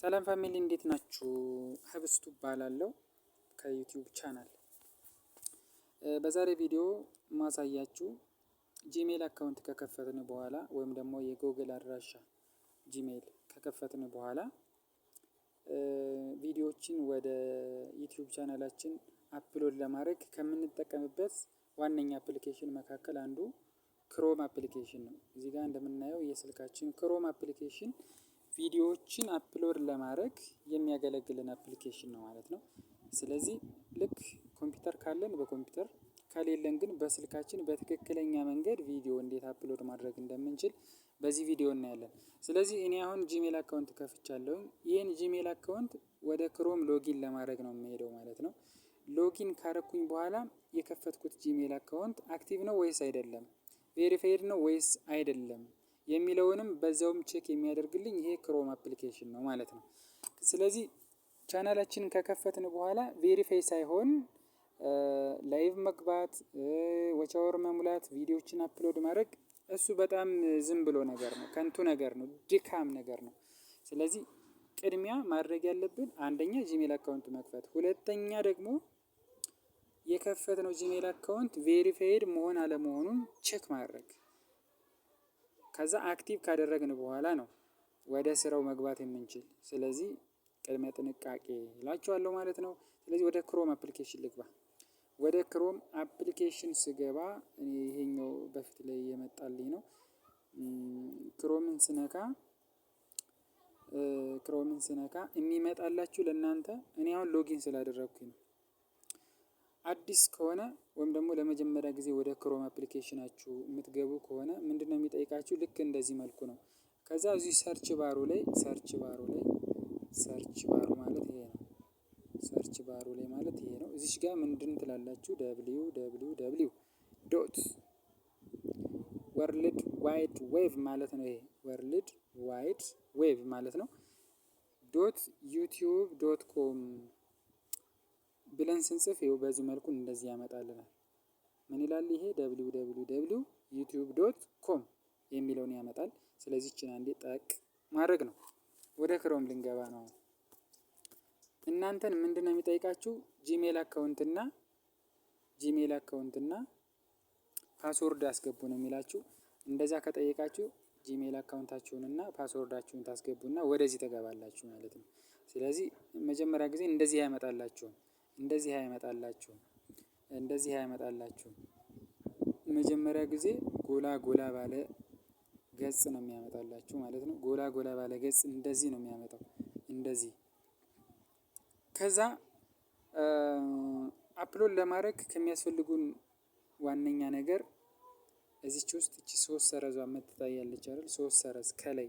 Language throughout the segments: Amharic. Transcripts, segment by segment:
ሰላም ፋሚሊ እንዴት ናችሁ? ህብስቱ እባላለሁ ከዩቲዩብ ቻናል። በዛሬ ቪዲዮ ማሳያችሁ ጂሜል አካውንት ከከፈትን በኋላ ወይም ደግሞ የጎግል አድራሻ ጂሜል ከከፈትን በኋላ ቪዲዮዎችን ወደ ዩቲዩብ ቻናላችን አፕሎድ ለማድረግ ከምንጠቀምበት ዋነኛ አፕሊኬሽን መካከል አንዱ ክሮም አፕሊኬሽን ነው። እዚህ ጋር እንደምናየው የስልካችን ክሮም አፕሊኬሽን ቪዲዮዎችን አፕሎድ ለማድረግ የሚያገለግልን አፕሊኬሽን ነው ማለት ነው። ስለዚህ ልክ ኮምፒውተር ካለን በኮምፒውተር ከሌለን ግን በስልካችን በትክክለኛ መንገድ ቪዲዮ እንዴት አፕሎድ ማድረግ እንደምንችል በዚህ ቪዲዮ እናያለን። ስለዚህ እኔ አሁን ጂሜል አካውንት ከፍቻለሁ። ይህን ጂሜል አካውንት ወደ ክሮም ሎጊን ለማድረግ ነው የሚሄደው ማለት ነው። ሎጊን ካረኩኝ በኋላ የከፈትኩት ጂሜል አካውንት አክቲቭ ነው ወይስ አይደለም፣ ቬሪፋይድ ነው ወይስ አይደለም የሚለውንም በዛውም ቼክ የሚያደርግልኝ ይሄ ክሮም አፕሊኬሽን ነው ማለት ነው። ስለዚህ ቻናላችንን ከከፈትን በኋላ ቬሪፋይ ሳይሆን ላይቭ መግባት፣ ወቻወር መሙላት፣ ቪዲዮችን አፕሎድ ማድረግ እሱ በጣም ዝም ብሎ ነገር ነው፣ ከንቱ ነገር ነው፣ ድካም ነገር ነው። ስለዚህ ቅድሚያ ማድረግ ያለብን አንደኛ ጂሜል አካውንት መክፈት፣ ሁለተኛ ደግሞ የከፈትነው ጂሜል አካውንት ቬሪፋይድ መሆን አለመሆኑን ቼክ ማድረግ ከዛ አክቲቭ ካደረግን በኋላ ነው ወደ ስራው መግባት የምንችል። ስለዚህ ቅድመ ጥንቃቄ እላችኋለሁ ማለት ነው። ስለዚህ ወደ ክሮም አፕሊኬሽን ልግባ። ወደ ክሮም አፕሊኬሽን ስገባ ይሄኛው በፊት ላይ የመጣልኝ ነው። ክሮምን ስነካ ክሮምን ስነካ የሚመጣላችሁ ለእናንተ እኔ አሁን ሎጊን ስላደረግኩኝ ነው። አዲስ ከሆነ ወይም ደግሞ ለመጀመሪያ ጊዜ ወደ ክሮም አፕሊኬሽናችሁ የምትገቡ ከሆነ ምንድነው የሚጠይቃችሁ? ልክ እንደዚህ መልኩ ነው። ከዛ እዚህ ሰርች ባሩ ላይ ሰርች ባሩ ላይ ሰርች ባሩ ማለት ይሄ ነው። ሰርች ባሩ ላይ ማለት ይሄ ነው። እዚች ጋር ምንድን ትላላችሁ? ደብሊው ደብሊው ደብሊው ዶት ወርልድ ዋይድ ዌቭ ማለት ነው። ይሄ ወርልድ ዋይድ ዌቭ ማለት ነው። ዶት ዩቲዩብ ዶት ኮም ብለን ስንጽፍ ይኸው በዚህ መልኩ እንደዚህ ያመጣልናል። ምን ይላል ይሄ? ደብሊው ደብሊው ደብሊው ዩቲዩብ ዶት ኮም የሚለውን ያመጣል። ስለዚህ ይችን አንዴ ጠቅ ማድረግ ነው። ወደ ክሮም ልንገባ ነው። እናንተን ምንድን ነው የሚጠይቃችሁ? ጂሜል አካውንትና ጂሜል አካውንትና ፓስወርድ አስገቡ ነው የሚላችሁ። እንደዛ ከጠየቃችሁ ጂሜል አካውንታችሁንና ፓስወርዳችሁን ታስገቡና ወደዚህ ተገባላችሁ ማለት ነው። ስለዚህ መጀመሪያ ጊዜ እንደዚህ ያመጣላችሁም እንደዚህ አይመጣላችሁም እንደዚህ አይመጣላችሁም መጀመሪያ ጊዜ ጎላ ጎላ ባለ ገጽ ነው የሚያመጣላችሁ ማለት ነው። ጎላ ጎላ ባለ ገጽ እንደዚህ ነው የሚያመጣው እንደዚህ ከዛ አፕሎድ ለማድረግ ከሚያስፈልጉን ዋነኛ ነገር እዚች ውስጥ እቺ ሶስት ሰረዟ የምትታያለች አይደል? ሶስት ሰረዝ ከላይ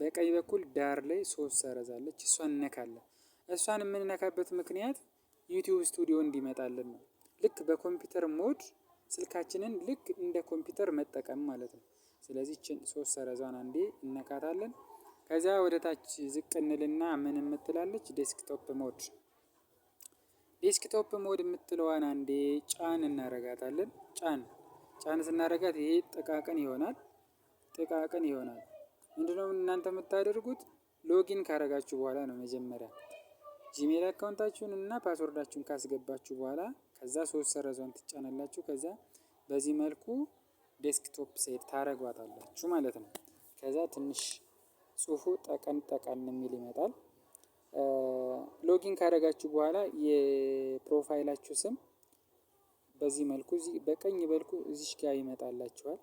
በቀኝ በኩል ዳር ላይ ሶስት ሰረዝ አለች። እሷን እነካለን። እሷን የምንነካበት ምክንያት ዩቲዩብ ስቱዲዮ እንዲመጣልን ነው። ልክ በኮምፒውተር ሞድ ስልካችንን ልክ እንደ ኮምፒውተር መጠቀም ማለት ነው። ስለዚህ ችን ሶስት ሰረዟን አንዴ እነካታለን። ከዚያ ወደ ታች ዝቅ እንልና ምን የምትላለች ዴስክቶፕ ሞድ። ዴስክቶፕ ሞድ የምትለዋን አንዴ ጫን እናረጋታለን። ጫን ጫን ስናረጋት ይሄ ጥቃቅን ይሆናል። ጥቃቅን ይሆናል ምንድነው እናንተ የምታደርጉት ሎጊን ካረጋችሁ በኋላ ነው መጀመሪያ ጂሜል አካውንታችሁን እና ፓስወርዳችሁን ካስገባችሁ በኋላ ከዛ ሶስት ሰረዟን ትጫናላችሁ። ከዛ በዚህ መልኩ ዴስክቶፕ ሴት ታረጓታላችሁ ማለት ነው። ከዛ ትንሽ ጽሁፉ ጠቀን ጠቀን የሚል ይመጣል። ሎጊን ካደረጋችሁ በኋላ የፕሮፋይላችሁ ስም በዚህ መልኩ በቀኝ በልኩ እዚሽ ጋር ይመጣላችኋል።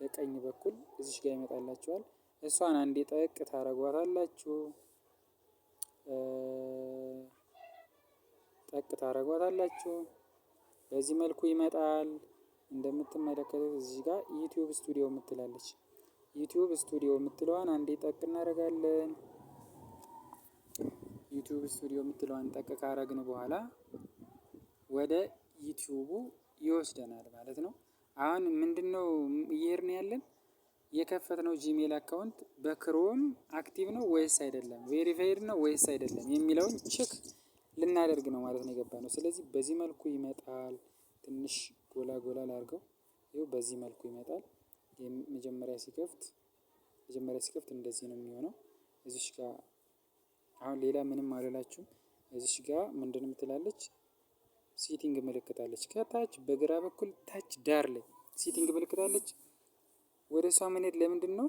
በቀኝ በኩል እዚሽ ጋር ይመጣላችኋል። እሷን አንዴ ጠቅ ታረጓታላችሁ። ጠቅ ታደርጓታላችሁ። በዚህ መልኩ ይመጣል። እንደምትመለከቱት እዚህ ጋር ዩቲዩብ ስቱዲዮ የምትላለች ዩቲዩብ ስቱዲዮ የምትለዋን አንዴ ጠቅ እናደርጋለን። ዩቲዩብ ስቱዲዮ የምትለዋን ጠቅ ካረግን በኋላ ወደ ዩቲዩቡ ይወስደናል ማለት ነው። አሁን ምንድን ነው እየሄድን ያለን? የከፈትነው ጂሜል አካውንት በክሮም አክቲቭ ነው ወይስ አይደለም፣ ቬሪፋይድ ነው ወይስ አይደለም የሚለውን ቼክ ልናደርግ ነው ማለት ነው የገባ ነው። ስለዚህ በዚህ መልኩ ይመጣል። ትንሽ ጎላ ጎላ ላድርገው። ይኸው በዚህ መልኩ ይመጣል። መጀመሪያ ሲከፍት መጀመሪያ ሲከፍት እንደዚህ ነው የሚሆነው። እዚሽ ጋር አሁን ሌላ ምንም አልላችሁም። እዚሽ ጋር ምንድን ምትላለች ሲቲንግ ምልክታለች። ከታች በግራ በኩል ታች ዳር ላይ ሲቲንግ ምልክታለች። ወደ እሷ መሄድ ለምንድን ነው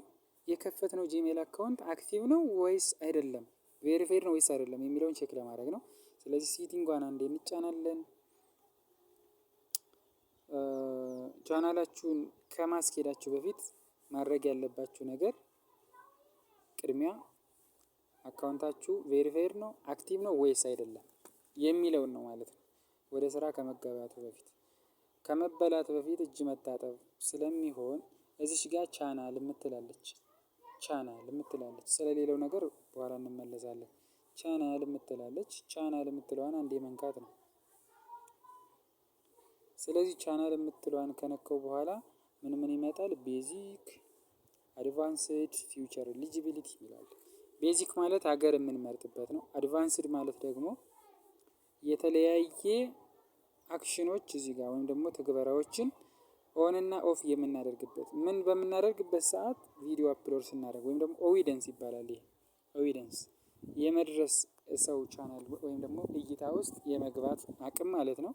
ነው ጂሜል አካውንት አክቲቭ ነው ወይስ አይደለም፣ ቬሪፋይድ ነው ወይስ አይደለም የሚለውን ቼክ ለማድረግ ነው። ስለዚህ ሴቲንጓን አንዴ እንጫናለን። ቻናላችሁን ከማስኬዳችሁ በፊት ማድረግ ያለባችሁ ነገር ቅድሚያ አካውንታችሁ ቬሪፋይድ ነው አክቲቭ ነው ወይስ አይደለም የሚለውን ነው ማለት ነው። ወደ ስራ ከመገባቱ በፊት ከመበላት በፊት እጅ መታጠብ ስለሚሆን እዚች ጋር ቻናል የምትላለች ቻናል የምትላለች ስለሌለው ነገር በኋላ እንመለሳለን። ቻናል የምትላለች ቻናል የምትለዋን አንዴ መንካት ነው። ስለዚህ ቻናል የምትለዋን ከነከው በኋላ ምን ምን ይመጣል? ቤዚክ፣ አድቫንስድ፣ ፊውቸር ኤሊጂቢሊቲ ይላል። ቤዚክ ማለት ሀገር የምንመርጥበት ነው። አድቫንስድ ማለት ደግሞ የተለያየ አክሽኖች እዚህ ጋር ወይም ደግሞ ትግበራዎችን ኦንና ኦፍ የምናደርግበት ምን በምናደርግበት ሰዓት ቪዲዮ አፕሎድ ስናደርግ ወይም ደግሞ ኦቪደንስ ይባላል። ይሄ ኦቪደንስ የመድረስ ሰው ቻናል ወይም ደግሞ እይታ ውስጥ የመግባት አቅም ማለት ነው።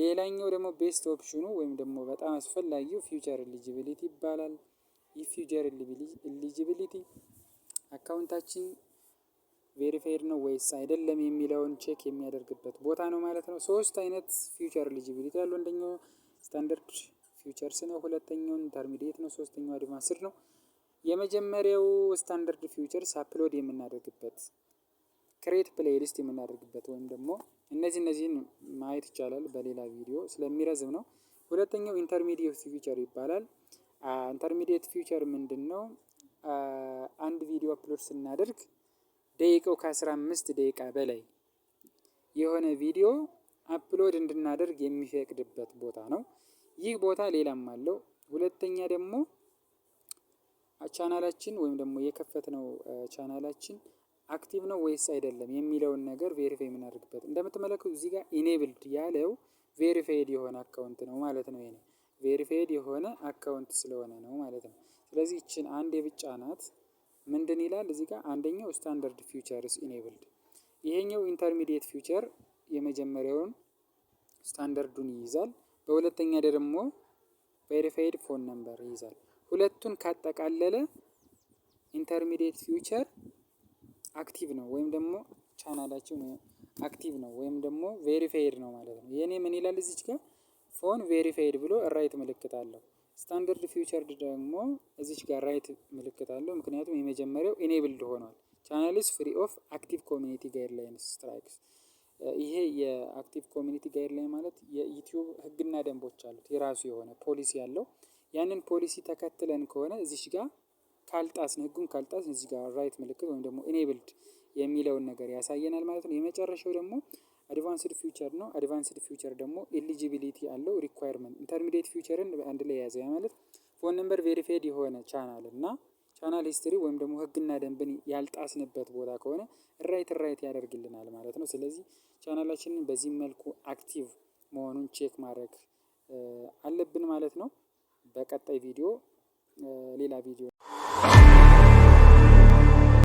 ሌላኛው ደግሞ ቤስት ኦፕሽኑ ወይም ደግሞ በጣም አስፈላጊው ፊውቸር ኤሊጂቢሊቲ ይባላል። ይህ ኤሊጂቢሊቲ አካውንታችን ቬሪፋይድ ነው ወይስ አይደለም የሚለውን ቼክ የሚያደርግበት ቦታ ነው ማለት ነው። ሶስት አይነት ፊውቸር ኤሊጂቢሊቲ አሉ። አንደኛው ስታንዳርድ ፊውቸርስ ነው። ሁለተኛው ኢንተርሚዲየት ነው። ሶስተኛው አድቫንስድ ነው። የመጀመሪያው ስታንዳርድ ፊውቸርስ አፕሎድ የምናደርግበት ክሬት ፕሌይሊስት የምናደርግበት ወይም ደግሞ እነዚህ እነዚህን ማየት ይቻላል በሌላ ቪዲዮ ስለሚረዝም ነው። ሁለተኛው ኢንተርሚዲየት ፊውቸር ይባላል። ኢንተርሚዲየት ፊውቸር ምንድን ነው? አንድ ቪዲዮ አፕሎድ ስናደርግ ደቂቃው ከ15 ደቂቃ በላይ የሆነ ቪዲዮ አፕሎድ እንድናደርግ የሚፈቅድበት ቦታ ነው። ይህ ቦታ ሌላም አለው። ሁለተኛ ደግሞ ቻናላችን ወይም ደግሞ የከፈትነው ቻናላችን አክቲቭ ነው ወይስ አይደለም የሚለውን ነገር ቬሪፋይ የምናደርግበት እንደምትመለከቱ እዚህ ጋር ኢኔብልድ ያለው ቬሪፋይድ የሆነ አካውንት ነው ማለት ነው። ይሄ ቬሪፋይድ የሆነ አካውንት ስለሆነ ነው ማለት ነው። ስለዚህ ይችን አንድ የብጫ ናት ምንድን ይላል እዚህ ጋር አንደኛው ስታንዳርድ ፊውቸርስ ኢኔብልድ፣ ይሄኛው ኢንተርሚዲየት ፊውቸር የመጀመሪያውን ስታንዳርዱን ይይዛል። በሁለተኛ ደግሞ ቬሪፋይድ ፎን ነምበር ይይዛል። ሁለቱን ካጠቃለለ ኢንተርሚዲየት ፊውቸር አክቲቭ ነው ወይም ደግሞ ቻናላችን አክቲቭ ነው ወይም ደግሞ ቬሪፋይድ ነው ማለት ነው። የኔ ምን ይላል እዚች ጋር ፎን ቬሪፋይድ ብሎ ራይት ምልክት አለው። ስታንዳርድ ፊውቸርድ ደግሞ እዚች ጋር ራይት ምልክት አለው። ምክንያቱም የመጀመሪያው ኢኔብልድ ሆኗል። ቻናልስ ፍሪ ኦፍ አክቲቭ ኮሚኒቲ ጋይድላይንስ ስትራይክስ ይሄ የአክቲቭ ኮሚኒቲ ጋይድላይን ማለት የዩቲዩብ ህግና ደንቦች አሉት። የራሱ የሆነ ፖሊሲ ያለው ያንን ፖሊሲ ተከትለን ከሆነ እዚሽ ጋር ካልጣስን ህጉን ካልጣስን እዚህ ጋር ራይት ምልክት ወይም ደግሞ ኢኔብልድ የሚለውን ነገር ያሳየናል ማለት ነው። የመጨረሻው ደግሞ አድቫንስድ ፊውቸር ነው። አድቫንስድ ፊውቸር ደግሞ ኤሊጂቢሊቲ አለው ሪኳየርመንት ኢንተርሚዲየት ፊውቸርን አንድ ላይ የያዘ ማለት ፎን ነምበር ቬሪፋይድ የሆነ ቻናል እና ቻናል ሂስትሪ ወይም ደግሞ ህግና ደንብን ያልጣስንበት ቦታ ከሆነ ራይት ራይት ያደርግልናል ማለት ነው። ስለዚህ ቻናላችንን በዚህ መልኩ አክቲቭ መሆኑን ቼክ ማድረግ አለብን ማለት ነው። በቀጣይ ቪዲዮ ሌላ ቪዲዮ